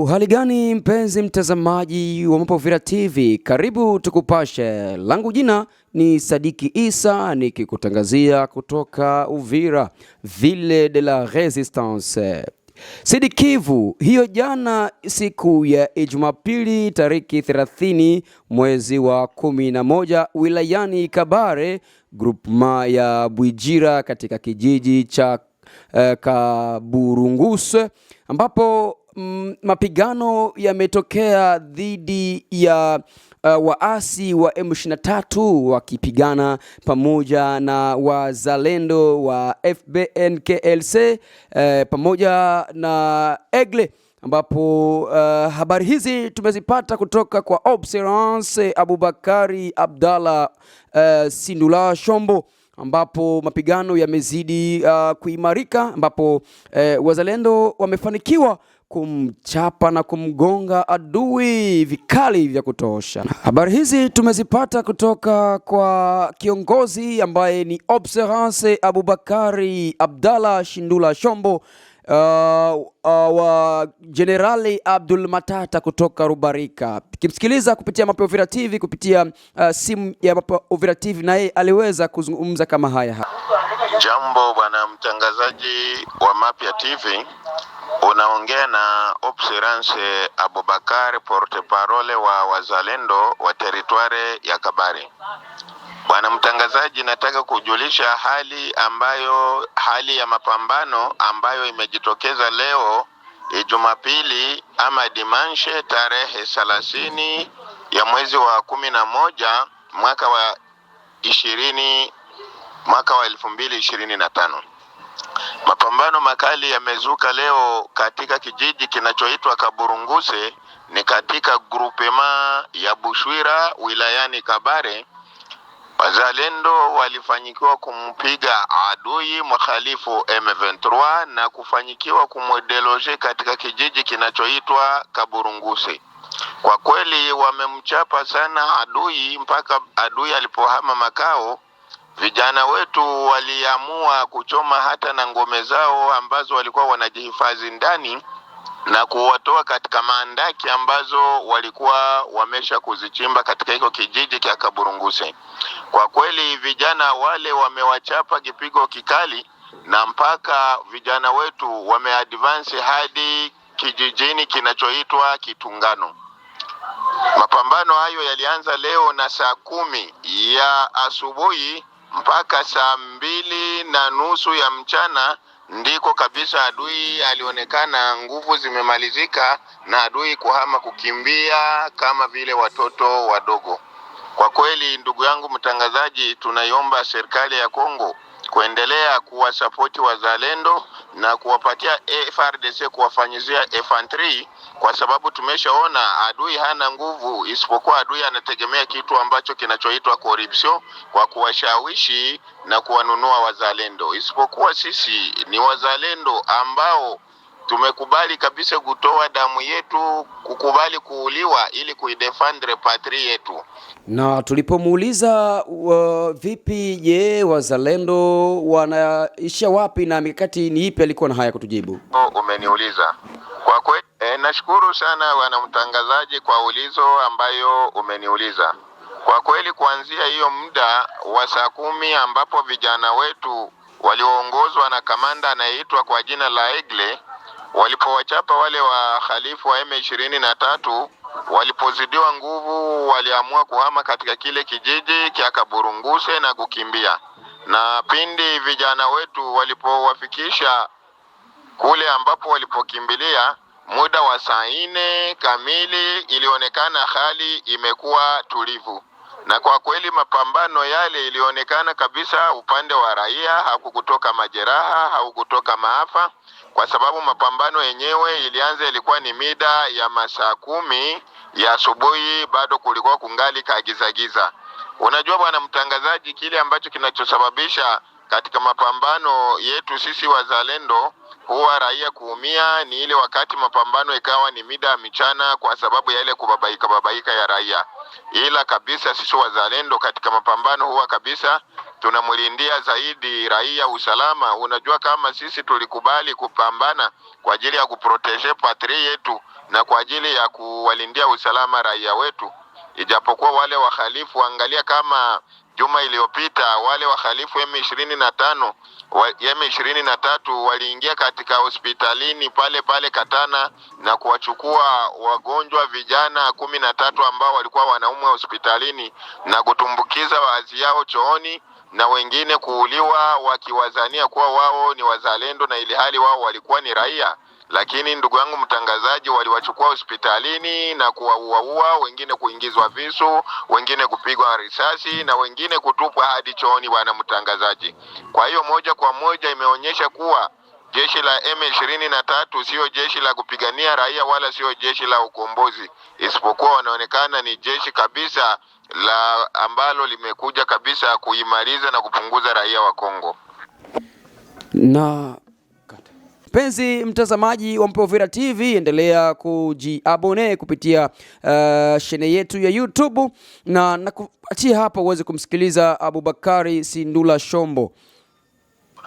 Uhali gani mpenzi mtazamaji wa Mapovira TV, karibu tukupashe. Langu jina ni Sadiki Isa nikikutangazia kutoka Uvira, Ville de la Resistance Sidikivu. Hiyo jana siku ya Jumapili tariki 30 mwezi wa 11 wilayani Kabare, grupma ya Bwijira katika kijiji cha eh, Kaburunguse ambapo Mm, mapigano yametokea dhidi ya uh, waasi wa M23 wakipigana pamoja na wazalendo wa FBNKLC uh, eh, pamoja na Egle ambapo uh, habari hizi tumezipata kutoka kwa Observance Abubakari Abdalla uh, Sindula Shombo ambapo mapigano yamezidi uh, kuimarika ambapo uh, wazalendo wamefanikiwa kumchapa na kumgonga adui vikali vya kutosha. Habari hizi tumezipata kutoka kwa kiongozi ambaye ni Observance Abubakari Abdalla Shindula Shombo Uh, uh, wa Jenerali Abdul Matata kutoka Rubarika, kimsikiliza kupitia Mapya Uvira TV kupitia uh, simu ya Mapya Uvira TV, yeye aliweza kuzungumza kama haya. Jambo bwana mtangazaji wa Mapya TV. Unaongea na Obserance Abubakar, porte parole wa wazalendo wa teritware ya Kabare. Bwana mtangazaji, nataka kujulisha hali ambayo hali ya mapambano ambayo imejitokeza leo eh, Jumapili ama dimanshe tarehe thelathini ya mwezi wa kumi na moja mwaka wa ishirini mwaka wa elfu mbili ishirini na tano. Mapambano makali yamezuka leo katika kijiji kinachoitwa Kaburunguse, ni katika grupema ya Bushwira wilayani Kabare. Wazalendo walifanyikiwa kumpiga adui mkhalifu M23 na kufanyikiwa kumodeloje katika kijiji kinachoitwa Kaburunguse. Kwa kweli wamemchapa sana adui mpaka adui alipohama makao Vijana wetu waliamua kuchoma hata na ngome zao ambazo walikuwa wanajihifadhi ndani na kuwatoa katika maandaki ambazo walikuwa wamesha kuzichimba katika hiko kijiji cha Kaburunguse. Kwa kweli vijana wale wamewachapa kipigo kikali, na mpaka vijana wetu wameadvance hadi kijijini kinachoitwa Kitungano. Mapambano hayo yalianza leo na saa kumi ya asubuhi mpaka saa mbili na nusu ya mchana ndiko kabisa adui alionekana nguvu zimemalizika na adui kuhama kukimbia kama vile watoto wadogo. Kwa kweli, ndugu yangu mtangazaji, tunaiomba serikali ya Kongo kuendelea kuwasapoti wazalendo na kuwapatia FRDC kuwafanyizia F3, kwa sababu tumeshaona adui hana nguvu, isipokuwa adui anategemea kitu ambacho kinachoitwa corruption kwa kuwashawishi na kuwanunua wazalendo, isipokuwa sisi ni wazalendo ambao tumekubali kabisa kutoa damu yetu, kukubali kuuliwa ili kuidefend repatri yetu. Na tulipomuuliza uh, vipi, je, wazalendo wanaisha wapi na mikakati ni ipi, alikuwa na haya kutujibu. Umeniuliza kwa kweli e, nashukuru sana wanamtangazaji kwa ulizo ambayo umeniuliza kwa kweli, kuanzia hiyo muda wa saa kumi ambapo vijana wetu walioongozwa na kamanda anayeitwa kwa jina la Egle Walipowachapa wale wahalifu wa M23 walipozidiwa nguvu, waliamua kuhama katika kile kijiji cha Kaburunguse na kukimbia, na pindi vijana wetu walipowafikisha kule ambapo walipokimbilia muda wa saa nne kamili ilionekana hali imekuwa tulivu, na kwa kweli mapambano yale ilionekana kabisa upande wa raia, hakukutoka majeraha, hakukutoka maafa kwa sababu mapambano yenyewe ilianza, ilikuwa ni mida ya masaa kumi ya asubuhi, bado kulikuwa kungali kagizagiza. Unajua bwana mtangazaji, kile ambacho kinachosababisha katika mapambano yetu sisi wazalendo huwa raia kuumia ni ile wakati mapambano ikawa ni mida ya michana, kwa sababu ya ile kubabaika babaika ya raia. Ila kabisa sisi wazalendo katika mapambano huwa kabisa tunamlindia zaidi raia usalama. Unajua, kama sisi tulikubali kupambana kwa ajili ya kuproteje patri yetu na kwa ajili ya kuwalindia usalama raia wetu, ijapokuwa wale wahalifu, angalia kama juma iliyopita wale wahalifu M25 M23 waliingia katika hospitalini pale pale Katana na kuwachukua wagonjwa vijana kumi na tatu ambao walikuwa wanaumwa hospitalini na kutumbukiza baadhi yao chooni na wengine kuuliwa wakiwazania kuwa wao ni wazalendo na ili hali wao walikuwa ni raia. Lakini ndugu yangu mtangazaji, waliwachukua hospitalini na kuwauaua, wengine kuingizwa visu, wengine kupigwa risasi na wengine kutupwa hadi chooni, bwana mtangazaji. Kwa hiyo moja kwa moja imeonyesha kuwa jeshi la M23 siyo jeshi la kupigania raia wala siyo jeshi la ukombozi, isipokuwa wanaonekana ni jeshi kabisa la ambalo limekuja kabisa kuimaliza na kupunguza raia wa Kongo. Na mpenzi mtazamaji wa Mprovera TV, endelea kujiabone kupitia uh, shene yetu ya YouTube na nakuachia hapa uweze kumsikiliza Abubakari Sindula Shombo.